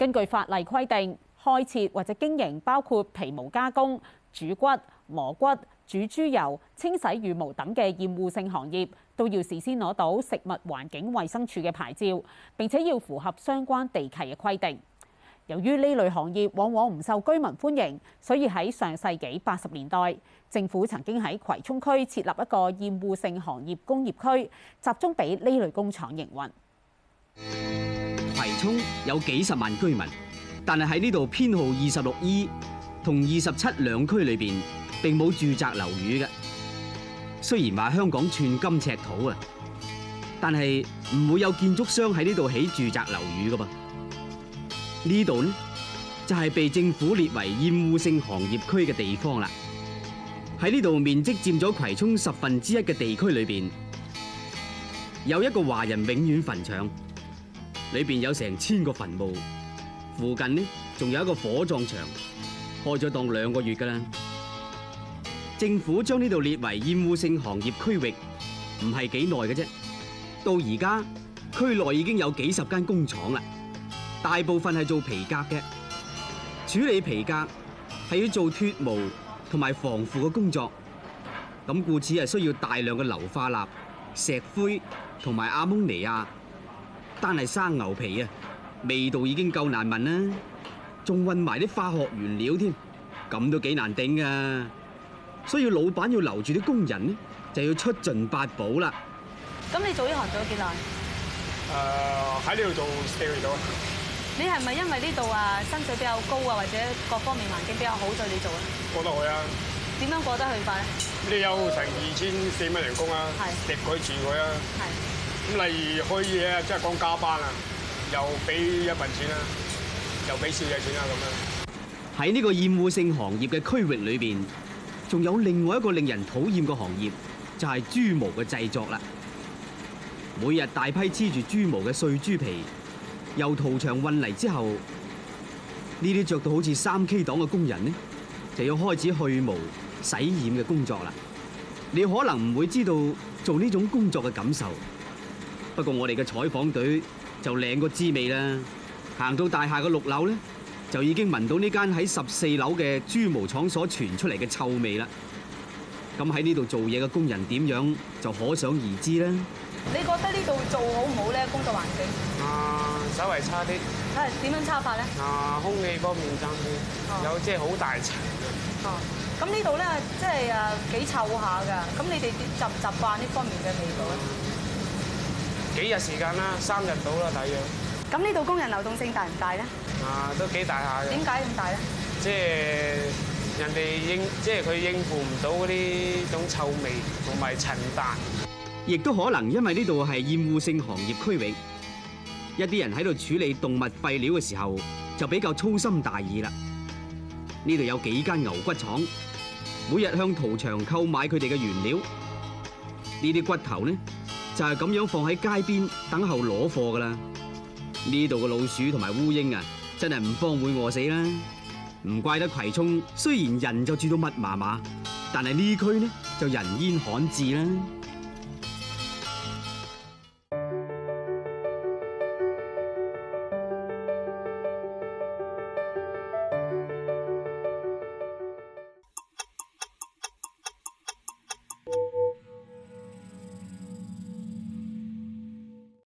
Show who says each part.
Speaker 1: 根據法例規定，開設或者經營包括皮毛加工、煮骨、磨骨、煮豬油、清洗羽毛等嘅厭惡性行業，都要事先攞到食物環境衞生處嘅牌照，並且要符合相關地契嘅規定。由於呢類行業往往唔受居民歡迎，所以喺上世紀八十年代，政府曾經喺葵涌區設立一個厭惡性行業工業區，集中俾呢類工廠營運。
Speaker 2: 葵涌有幾十萬居民，但係喺呢度編號二十六 E 同二十七兩區裏邊，並冇住宅樓宇嘅。雖然話香港寸金尺土啊，但係唔會有建築商喺呢度起住宅樓宇噶噃。呢度呢就係被政府列為厭惡性行業區嘅地方啦。喺呢度面積佔咗葵涌十分之一嘅地區裏邊，有一個華人永遠墳場。裏邊有成千個墳墓，附近呢仲有一個火葬場，開咗當兩個月噶啦。政府將呢度列為厭惡性行業區域，唔係幾耐嘅啫。到而家，區內已經有幾十間工廠啦，大部分係做皮革嘅。處理皮革係要做脫毛同埋防腐嘅工作，咁故此係需要大量嘅硫化鈉、石灰同埋阿蒙尼亞。單係生牛皮啊，味道已經夠難聞啦，仲混埋啲化學原料添，咁都幾難頂噶。所以老闆要留住啲工人咧，就要出盡八寶啦。
Speaker 1: 咁你做呢行做咗幾耐？
Speaker 2: 誒，喺呢度做四個月咗。
Speaker 1: 你係咪因為呢度啊薪水比較高啊，或者各方面環境比較好，所以你做啊？過得去啊？點樣過得去法
Speaker 2: 咧？你有成二千四蚊人工啊？係。食佢住佢啊！係。咁例如開嘢，即係講加班啊，又俾一份錢啦，又俾少嘢錢啦咁樣。喺呢個厭惡性行業嘅區域裏邊，仲有另外一個令人討厭嘅行業，就係豬毛嘅製作啦。每日大批黐住豬毛嘅碎豬皮，由屠場運嚟之後，呢啲着到好似三 K 黨嘅工人呢，就要開始去毛洗染嘅工作啦。你可能唔會知道做呢種工作嘅感受。不過我哋嘅採訪隊就領個滋味啦！行到大廈嘅六樓咧，就已經聞到呢間喺十四樓嘅豬毛廠所傳出嚟嘅臭味啦。咁喺呢度做嘢嘅工人點樣就可想而知啦。
Speaker 1: 你覺得呢度做好唔好咧？工作環境
Speaker 2: 啊，稍微差啲。誒、
Speaker 1: 啊，點樣差法咧？
Speaker 2: 啊，空氣方面爭啲，有即係好大塵嘅。哦，
Speaker 1: 咁呢度咧，即係幾、啊、臭下㗎。咁你哋習唔習慣呢方面嘅味道？
Speaker 2: 幾日時間啦，三日到啦，大約。
Speaker 1: 咁呢度工人流動性大唔大咧？啊，
Speaker 2: 都幾大下嘅。點
Speaker 1: 解咁大咧？
Speaker 2: 即係人哋應，即係佢應付唔到嗰啲種臭味同埋塵彈。亦都可能因為呢度係厭惡性行業區域，一啲人喺度處理動物廢料嘅時候就比較粗心大意啦。呢度有幾間牛骨廠，每日向屠場購買佢哋嘅原料。呢啲骨頭咧。就係、是、咁樣放喺街邊等候攞貨㗎啦！呢度嘅老鼠同埋烏蠅啊，真係唔方會餓死啦！唔怪得葵涌雖然人就住到密麻麻，但係呢區呢就人煙罕至啦。